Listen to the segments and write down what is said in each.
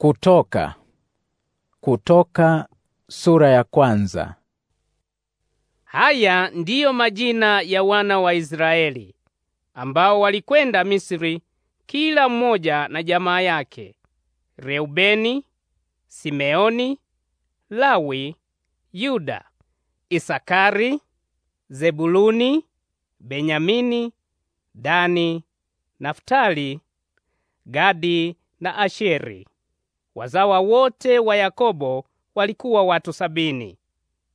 Kutoka. Kutoka sura ya kwanza. Haya ndiyo majina ya wana wa Israeli ambao walikwenda Misri, kila mmoja na jamaa yake: Reubeni, Simeoni, Lawi, Yuda, Isakari, Zebuluni, Benyamini, Dani, Naftali, Gadi na Asheri. Wazawa wote wa Yakobo walikuwa watu sabini.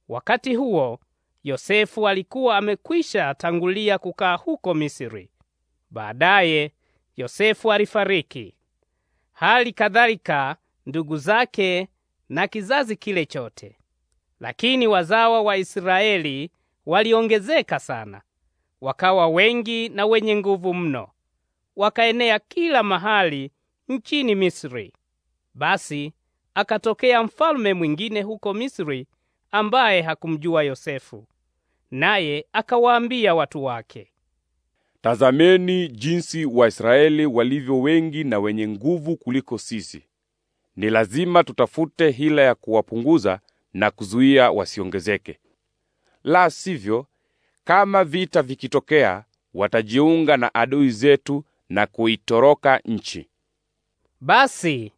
Wakati huo Yosefu alikuwa amekwisha tangulia kukaa huko Misri. Baadaye Yosefu alifariki, hali kadhalika ndugu zake na kizazi kile chote. Lakini wazawa wa Israeli waliongezeka sana, wakawa wengi na wenye nguvu mno, wakaenea kila mahali nchini Misri. Basi akatokea mfalme mwingine huko Misri ambaye hakumjua Yosefu, naye akawaambia watu wake, tazameni jinsi Waisraeli walivyo wengi na wenye nguvu kuliko sisi. Ni lazima tutafute hila ya kuwapunguza na kuzuia wasiongezeke, la sivyo, kama vita vikitokea, watajiunga na adui zetu na kuitoroka nchi. Basi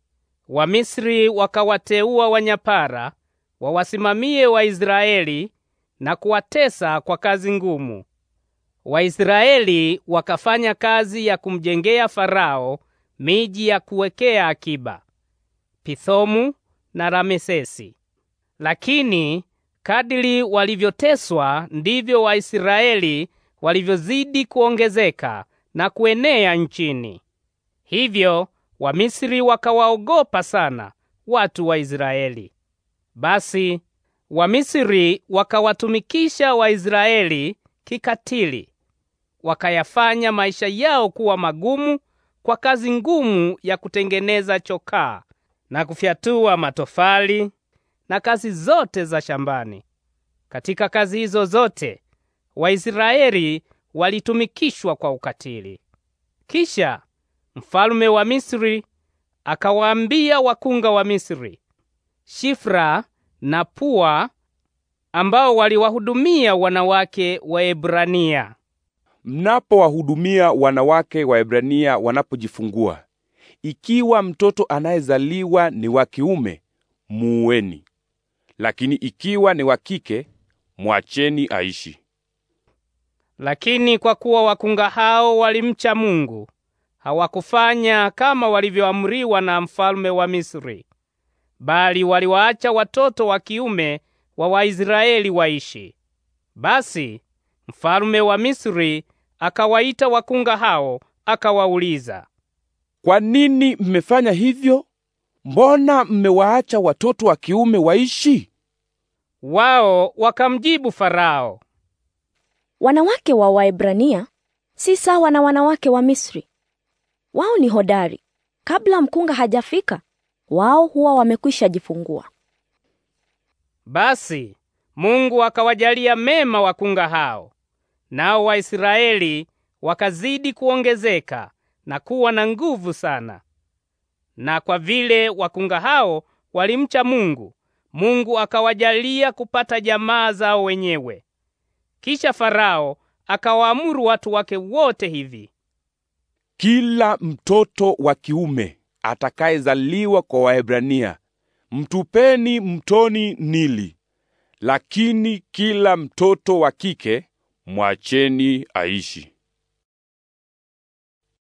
Wamisri wakawateua wanyapara wawasimamie Waisraeli na kuwatesa kwa kazi ngumu. Waisraeli wakafanya kazi ya kumjengea Farao miji ya kuwekea akiba, Pithomu na Ramesesi. Lakini kadiri walivyoteswa ndivyo Waisraeli walivyozidi kuongezeka na kuenea nchini. Hivyo Wamisri wakawaogopa sana watu wa Israeli. Basi Wamisri wakawatumikisha Waisraeli kikatili, wakayafanya maisha yao kuwa magumu kwa kazi ngumu ya kutengeneza chokaa na kufyatua matofali na kazi zote za shambani. Katika kazi hizo zote Waisraeli walitumikishwa kwa ukatili. Kisha Mfalme wa Misri akawaambia wakunga wa Misri, Shifra na Pua ambao waliwahudumia wanawake wa Waebrania, mnapowahudumia wanawake wa Ebrania wanapojifungua, ikiwa mtoto anayezaliwa ni wa kiume muueni, lakini ikiwa ni wa kike mwacheni aishi. Lakini kwa kuwa wakunga hao walimcha Mungu, hawakufanya kama walivyoamriwa na mfalme wa Misri, bali waliwaacha watoto wa kiume wa Waisraeli waishi. Basi mfalme wa Misri akawaita wakunga hao, akawauliza, kwa nini mmefanya hivyo? Mbona mmewaacha watoto wa kiume waishi? Wao wakamjibu Farao, wanawake wa Waebrania si sawa na wanawake wa Misri, wao ni hodari. Kabla mkunga hajafika, wao huwa wamekwisha jifungua. Basi Mungu akawajalia mema wakunga hao, nao Waisraeli wakazidi kuongezeka na kuwa na nguvu sana. Na kwa vile wakunga hao walimcha Mungu, Mungu akawajalia kupata jamaa zao wenyewe. Kisha Farao akawaamuru watu wake wote hivi: kila mtoto wa kiume atakayezaliwa kwa Waebrania mtupeni mtoni Nili, lakini kila mtoto wa kike mwacheni aishi.